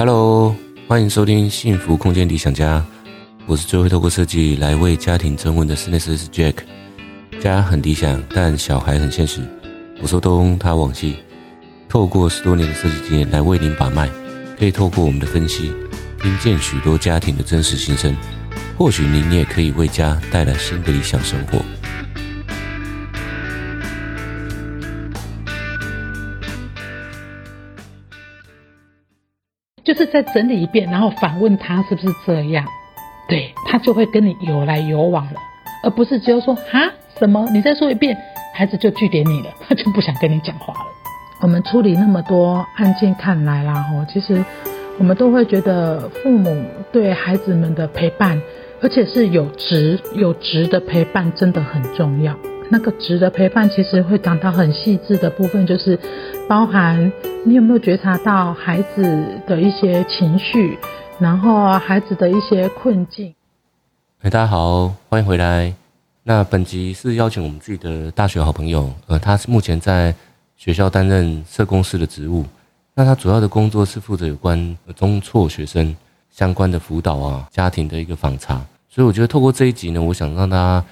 Hello，歡迎收聽《幸福空間理想家》，我是最會透過設計來為家庭升溫的室內設計師 Jack。家很理想，但小孩很現實。我說東他往西，透過十多年的設計經驗來為您把脈，可以透過我們的分析，聽見許多家庭的真實心聲，或許您也可以為家帶來新的理想生活。就是再整理一遍，然後反問他是不是這樣，對，他就會跟你有來有往了，而不是只有說蛤，什麼，你再說一遍，孩子就句點你了，他就不想跟你講話了。我們處理那麼多案件看來啦，吼，其實我們都會覺得父母對孩子們的陪伴，而且是有質有質的陪伴，真的很重要。那個值的陪伴，其實會講到很細緻的部分，就是包含你有沒有覺察到孩子的一些情緒，然後孩子的一些困境。哎，大家好，歡迎回來。那本集是邀請我們自己的大學好朋友，呃，他是目前在學校擔任社工師的職務。那他主要的工作是負責有關中輟學生相關的輔導啊，家庭的一個訪查。所以我覺得透過這一集呢，我想讓大家。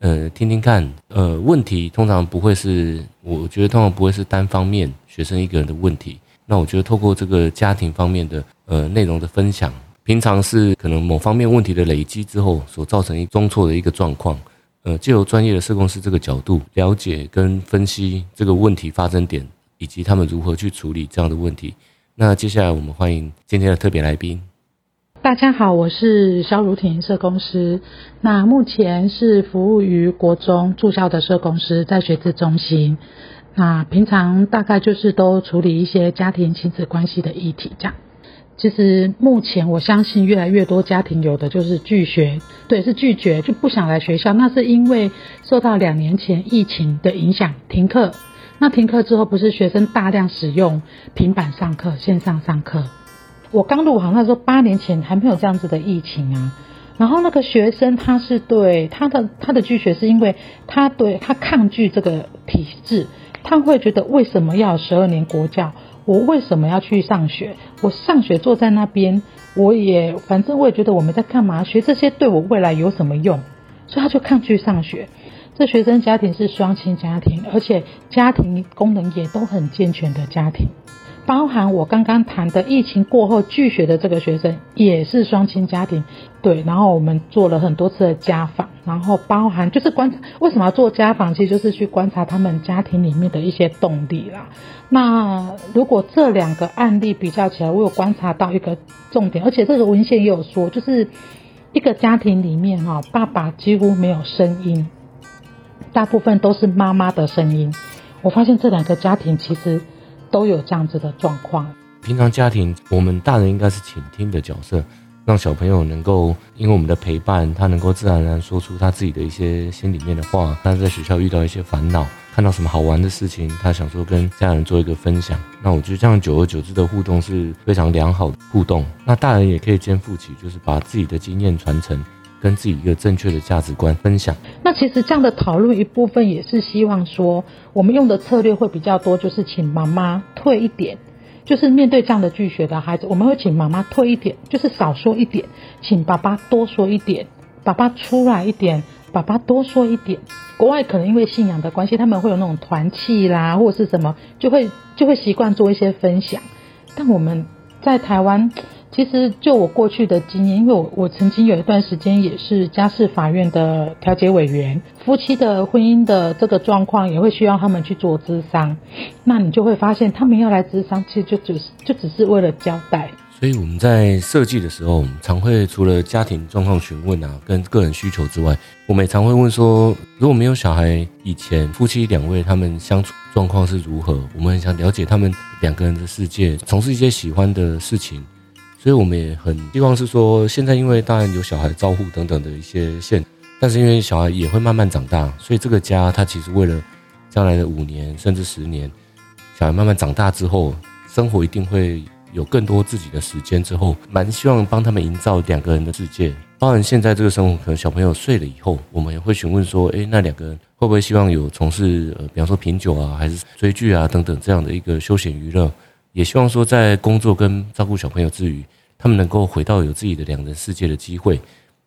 呃，聽聽看，呃，問題通常不會是，我覺得通常不會是單方面學生一個人的問題。那我覺得透過這個家庭方面的呃內容的分享，平常是可能某方面問題的累積之後所造成一種錯的一個狀況。呃，借由專業的社工師這個角度了解跟分析這個問題發生點以及他們如何去處理這樣的問題。那接下來我們歡迎今天的特別來賓。大家好，我是蕭如婷社工師。那目前是服務於國中駐校的社工師，在學諮中心。那平常大概就是都處理一些家庭親子關係的議題，這樣。其實目前我相信越來越多家庭有的就是拒學，對，是拒絕，就不想來學校，那是因為受到兩年前疫情的影響停課。那停課之後，不是學生大量使用平板上課，線上上課。我剛入行那時候，八年前還沒有這樣子的疫情啊。然後那個學生他是對他的，他的拒絕，是因為他對他抗拒這個體制，他會覺得為什麼要十二年國教？我為什麼要去上學？我上學坐在那邊，我也反正我也覺得我們在幹嘛？學這些對我未來有什麼用？所以他就抗拒上學。這學生家庭是雙親家庭，而且家庭功能也都很健全的家庭。包含我剛剛談的疫情過後拒學的這個學生也是雙親家庭，對，然後我們做了很多次的家訪，然後包含就是觀察為什麼要做家訪，其實就是去觀察他們家庭裡面的一些動力啦。那如果這兩個案例比較起來，我有觀察到一個重點，而且這個文獻也有說，就是一個家庭裡面哈、哦，爸爸幾乎沒有聲音，大部分都是媽媽的聲音。我發現這兩個家庭其實。都有這樣子的狀況。平常家庭，我們大人應該是傾聽的角色，讓小朋友能夠因為我們的陪伴，他能夠自然而然說出他自己的一些心裡面的話。他在學校遇到一些煩惱，看到什麼好玩的事情，他想說跟家人做一個分享。那我覺得這樣久而久之的互動是非常良好的互動。那大人也可以肩負起，就是把自己的經驗傳承。跟自己一個正確的價值觀分享。那其實這樣的討論一部分也是希望說，我們用的策略會比較多，就是請媽媽退一點，就是面對這樣的拒絕的孩子，我們會請媽媽退一點，就是少說一點，請爸爸多說一點，爸爸出來一點，爸爸多說一點。國外可能因為信仰的關係，他們會有那種團契啦，或者是什麼，就會就會習慣做一些分享。但我們在台灣。其實就我過去的經驗，因為我我曾經有一段時間也是家事法院的調解委員，夫妻的婚姻的這個狀況也會需要他們去做諮商，那你就會發現他們要來諮商，其實就只就只是為了交代。所以我們在設計的時候，我們常會除了家庭狀況詢問啊，跟個人需求之外，我們也常會問說，如果沒有小孩，以前夫妻兩位他們相處的狀況是如何？我們很想了解他們兩個人的世界，從事一些喜歡的事情。所以，我們也很希望是說，現在因為當然有小孩照顧等等的一些線，但是因為小孩也會慢慢長大，所以這個家他其實為了將來的五年甚至十年，小孩慢慢長大之後，生活一定會有更多自己的時間。之後，蠻希望幫他們營造兩個人的世界。包含現在這個生活，可能小朋友睡了以後，我們也會詢問說：“哎，那兩個人會不會希望有從事呃，比方說品酒啊，還是追劇啊等等這樣的一個休閒娛樂？”也希望說，在工作跟照顧小朋友之餘，他們能夠回到有自己的兩人世界的機會。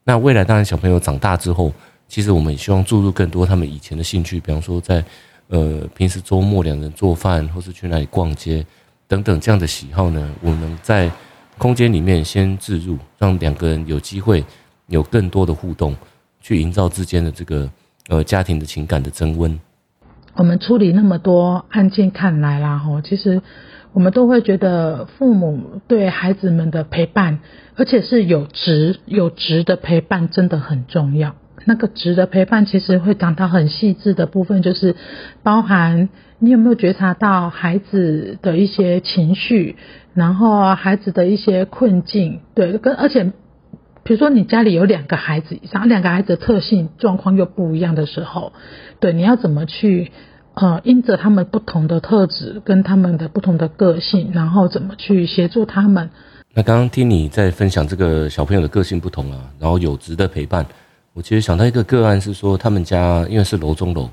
那未來當然，小朋友長大之後，其實我們也希望注入更多他們以前的興趣，比方說在呃平時周末兩人做飯，或是去哪裡逛街等等這樣的喜好呢。我們能在空間裡面先置入，讓兩個人有機會有更多的互動，去營造之間的這個呃家庭的情感的增溫。我們處理那麼多案件，看來啦，吼，其實我們都會覺得父母對孩子們的陪伴，而且是有質有質的陪伴，真的很重要。那個質的陪伴，其實會講到很細緻的部分，就是包含你有沒有覺察到孩子的一些情緒，然後孩子的一些困境，對，跟而且。比如說，你家裡有兩個孩子以上，兩個孩子的特性狀況又不一樣的時候，對，你要怎麼去呃，因着他們不同的特質跟他們的不同的個性，然後怎麼去協助他們？那剛剛聽你在分享這個小朋友的個性不同啊，然後有質的陪伴，我其實想到一個個案是說，他們家因為是樓中樓，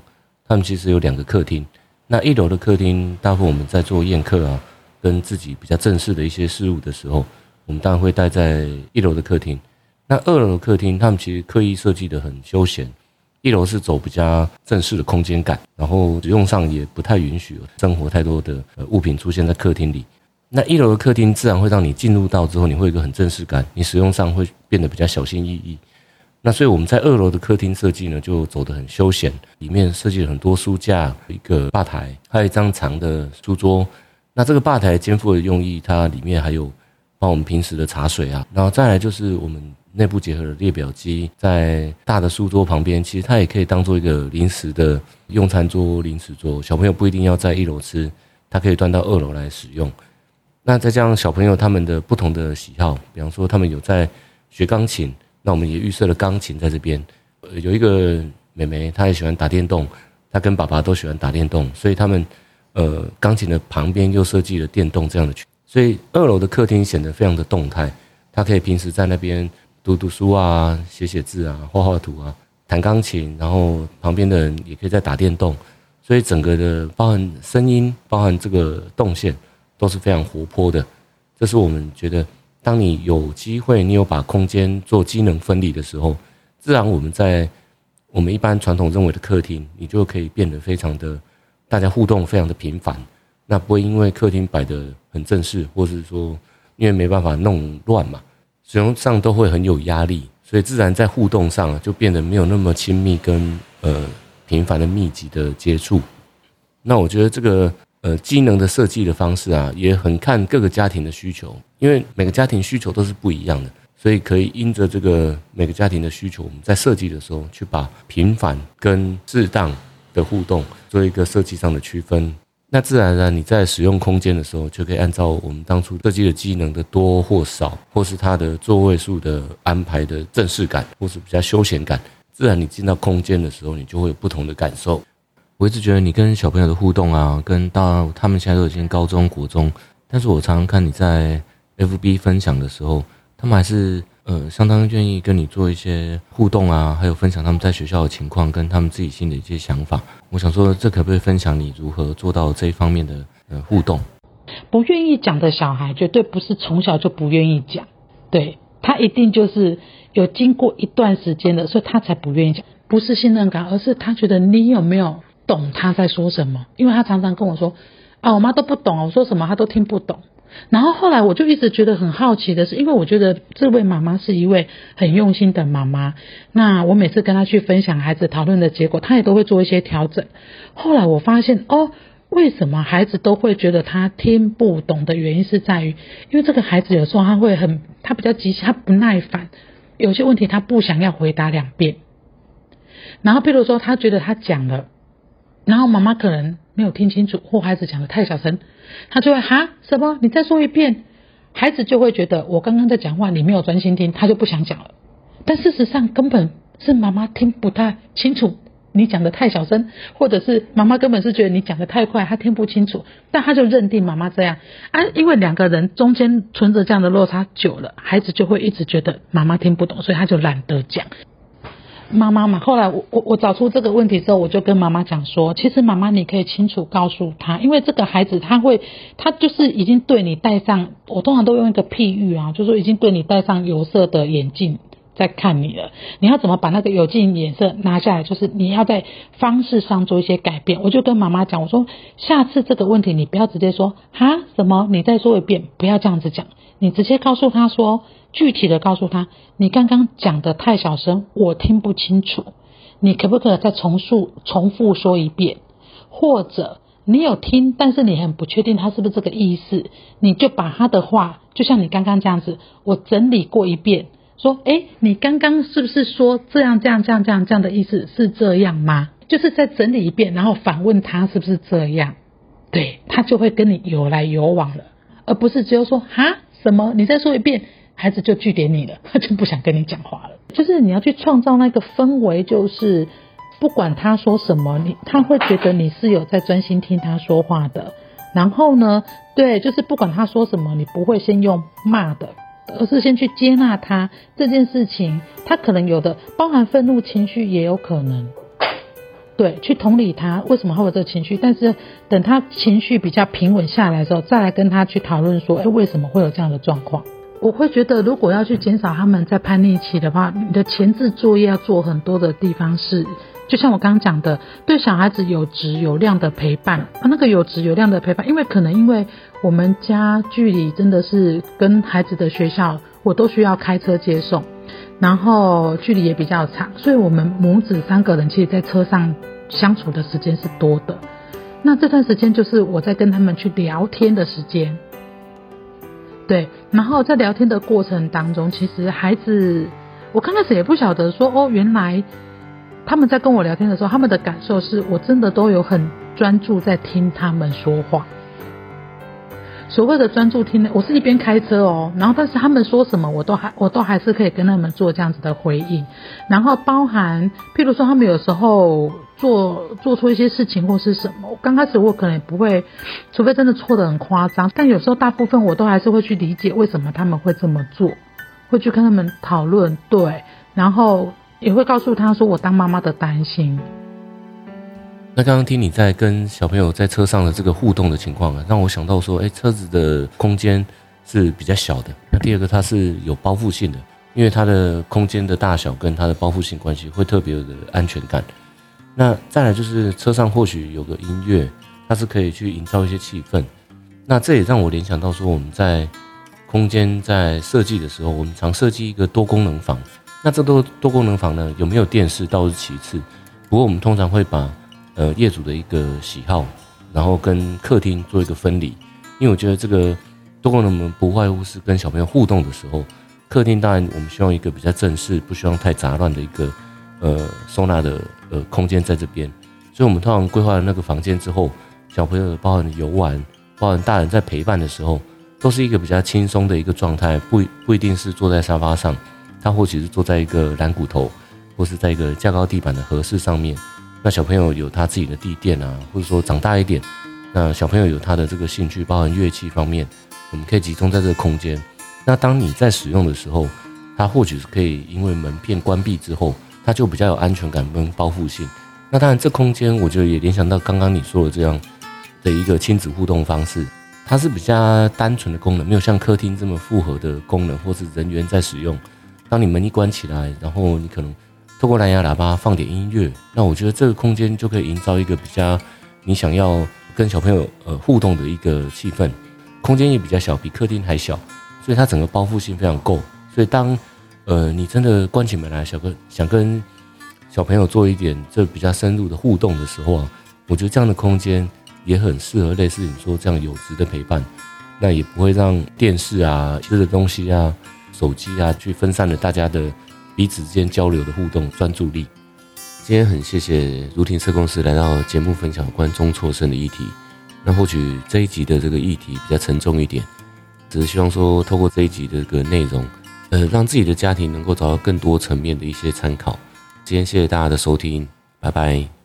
他們其實有兩個客廳，那一樓的客廳，大部分我們在做宴客啊，跟自己比較正式的一些事物的時候，我們當然會待在一樓的客廳。那二樓的客廳，他們其實刻意設計得很休閒。一樓是走比較正式的空間感，然後使用上也不太允許生活太多的物品出現在客廳裡。那一樓的客廳自然會讓你進入到之後，你會有一個很正式感，你使用上會變得比較小心翼翼。那所以我們在二樓的客廳設計呢，就走得很休閒，裡面設計了很多書架，一個吧台，還有一張長的書桌。那這個吧台肩負的用意，它裡面還有放我們平時的茶水啊，然後再來就是我們。內部結合的列表機在大的書桌旁邊，其實它也可以當做一個臨時的用餐桌、臨時桌。小朋友不一定要在一樓吃，它可以端到二樓來使用。那再加上小朋友他們的不同的喜好，比方說他們有在學鋼琴，那我們也預設了鋼琴在這邊。呃，有一個妹妹，她也喜歡打電動，她跟爸爸都喜歡打電動，所以他們呃鋼琴的旁邊又設計了電動這樣的區。所以二樓的客廳顯得非常的動態。他可以平時在那邊，讀讀書啊，寫寫字啊，畫畫圖啊，彈鋼琴，然後旁邊的人也可以在打電動，所以整個的包含聲音，包含這個動線，都是非常活潑的。這是我們覺得，當你有機會，你有把空間做機能分離的時候，自然我們在我們一般傳統認為的客廳，你就可以變得非常的大家互動非常的頻繁，那不會因為客廳擺得很正式，或是說因為沒辦法弄亂嘛。使用上都會很有壓力，所以自然在互動上就變得沒有那麼親密跟，跟呃頻繁的密集的接觸。那我覺得這個呃機能的設計的方式啊，也很看各個家庭的需求，因為每個家庭需求都是不一樣的，所以可以因着這個每個家庭的需求，我們在設計的時候去把頻繁跟適當的互動做一個設計上的區分。那自然而然，你在使用空間的時候，就可以按照我們當初設計的機能的多或少，或是它的座位數的安排的正式感，或是比較休閒感，自然你進到空間的時候，你就會有不同的感受。我一直覺得你跟小朋友的互動啊，跟到他們現在都已經高中國中，但是我常常看你在 FB 分享的時候，他們還是。呃，相當願意跟你做一些互動啊，還有分享他們在學校的情況跟他們自己心裡的一些想法。我想說，這可不可以分享你如何做到這一方面的、呃、互動？不願意講的小孩，絕對不是從小就不願意講，對，他一定就是有經過一段時間的，所以他才不願意講。不是信任感，而是他覺得你有沒有懂他在說什麼？因為他常常跟我說，啊，我媽都不懂，我說什麼他都聽不懂。然後後來我就一直覺得很好奇的是，因為我覺得這位媽媽是一位很用心的媽媽。那我每次跟她去分享孩子討論的結果，她也都會做一些調整。後來我發現，哦，為什麼孩子都會覺得她聽不懂的原因是在於，因為這個孩子有時候她會很，她比較急，她不耐煩，有些問題她不想要回答兩遍。然後，譬如說，她覺得她講了。然後媽媽可能沒有聽清楚，或孩子講得太小聲，他就會哈什麼？你再說一遍。孩子就會覺得我剛剛在講話，你沒有專心聽，他就不想講了。但事實上根本是媽媽聽不太清楚，你講得太小聲，或者是媽媽根本是覺得你講得太快，她聽不清楚，但他就認定媽媽這樣啊。因為兩個人中間存着這樣的落差久了，孩子就會一直覺得媽媽聽不懂，所以他就懶得講。媽媽嘛，後來我我我找出這個問題之後，我就跟媽媽講說，其實媽媽你可以清楚告訴他，因為這個孩子他會，他就是已經對你戴上，我通常都用一個譬喻啊，就是說已經對你戴上有色的眼鏡。在看你了，你要怎麼把那個有勁顏色拿下來？就是你要在方式上做一些改變。我就跟媽媽講，我說下次這個問題你不要直接說哈，什麼？你再說一遍，不要這樣子講。你直接告訴他說，具體的告訴他，你剛剛講的太小聲，我聽不清楚。你可不可以再重述、重複說一遍？或者你有聽，但是你很不確定他是不是這個意思，你就把他的話，就像你剛剛這樣子，我整理過一遍。說，哎、欸，你剛剛是不是說這樣這樣這樣這樣這樣的意思是這樣嗎？就是再整理一遍，然後反問他是不是這樣，對，他就會跟你有來有往了，而不是只有說蛤？什麼，你再說一遍，孩子就句點你了，他就不想跟你講話了。就是你要去創造那個氛圍，就是不管他說什麼，你他會覺得你是有在專心聽他說話的。然後呢，對，就是不管他說什麼，你不會先用罵的。而是先去接納他這件事情，他可能有的包含憤怒情緒，也有可能，對，去同理他為什麼會有這個情緒。但是等他情緒比較平穩下來之後，再來跟他去討論說，欸，為什麼會有這樣的狀況。我會覺得，如果要去減少他們在叛逆期的話，你的前置作業要做很多的地方是。就像我剛剛講的，對小孩子有質有量的陪伴，啊，那個有質有量的陪伴，因為可能因為我們家距離真的是跟孩子的學校，我都需要開車接送，然後距離也比較長，所以我們母子三個人其實，在車上相處的時間是多的。那這段時間就是我在跟他們去聊天的時間，對，然後在聊天的過程當中，其實孩子，我剛開始也不曉得說，哦，原來。他們在跟我聊天的時候，他們的感受是我真的都有很專注在聽他們說話。所謂的專注聽呢，我是一邊開車哦，然後但是他們說什麼，我都還我都還是可以跟他們做這樣子的回應。然後包含，譬如說他們有時候做做錯一些事情或是什麼，剛開始我可能也不會，除非真的錯得很誇張。但有時候大部分我都還是會去理解為什麼他們會這麼做，會去跟他們討論，對，然後。也會告訴他說：“我當媽媽的擔心。”那剛剛聽你在跟小朋友在車上的這個互動的情況啊，讓我想到說：“誒，車子的空間是比較小的。那第二個，它是有包覆性的，因為它的空間的大小跟它的包覆性關係會特別有的安全感。那再來就是車上或許有個音樂，它是可以去營造一些氣氛。那這也讓我聯想到說，我們在空間在設計的時候，我們常設計一個多功能房。”那這多多功能房呢？有沒有電視倒是其次。不過我們通常會把呃業主的一個喜好，然後跟客廳做一個分離。因為我覺得這個多功能不外乎是跟小朋友互動的時候，客廳當然我們需要一個比較正式，不希望太雜亂的一個呃收納的呃空間在這邊。所以，我們通常規劃了那個房間之後，小朋友包含遊玩，包含大人在陪伴的時候，都是一個比較輕鬆的一個狀態，不不一定是坐在沙發上。他或許是坐在一個懶骨頭，或是在一個架高地板的和室上面。那小朋友有他自己的地墊啊，或者說長大一點，那小朋友有他的這個興趣，包含樂器方面，我們可以集中在這個空間。那當你在使用的時候，它或許是可以因為門片關閉之後，它就比較有安全感跟包覆性。那當然，這空間我覺得也聯想到剛剛你說的這樣的一個親子互動方式，它是比較單純的功能，沒有像客廳這麼複合的功能，或是人員在使用。當你門一關起來，然後你可能透過藍牙喇叭放點音樂，那我覺得這個空間就可以營造一個比較你想要跟小朋友呃互動的一個氣氛。空間也比較小，比客廳還小，所以它整個包覆性非常夠。所以當呃你真的關起門來，想跟想跟小朋友做一點這比較深入的互動的時候啊，我覺得這樣的空間也很適合類似你說這樣有質的陪伴。那也不會讓電視啊其他的東西啊。手機啊，去分散了大家的彼此之間交流的互動專注力。今天很謝謝如庭社公司來到節目分享關中輟生的議題。那或許這一集的這個議題比較沉重一點，只是希望說透過這一集的這個內容，呃，讓自己的家庭能夠找到更多層面的一些參考。今天謝謝大家的收聽，拜拜。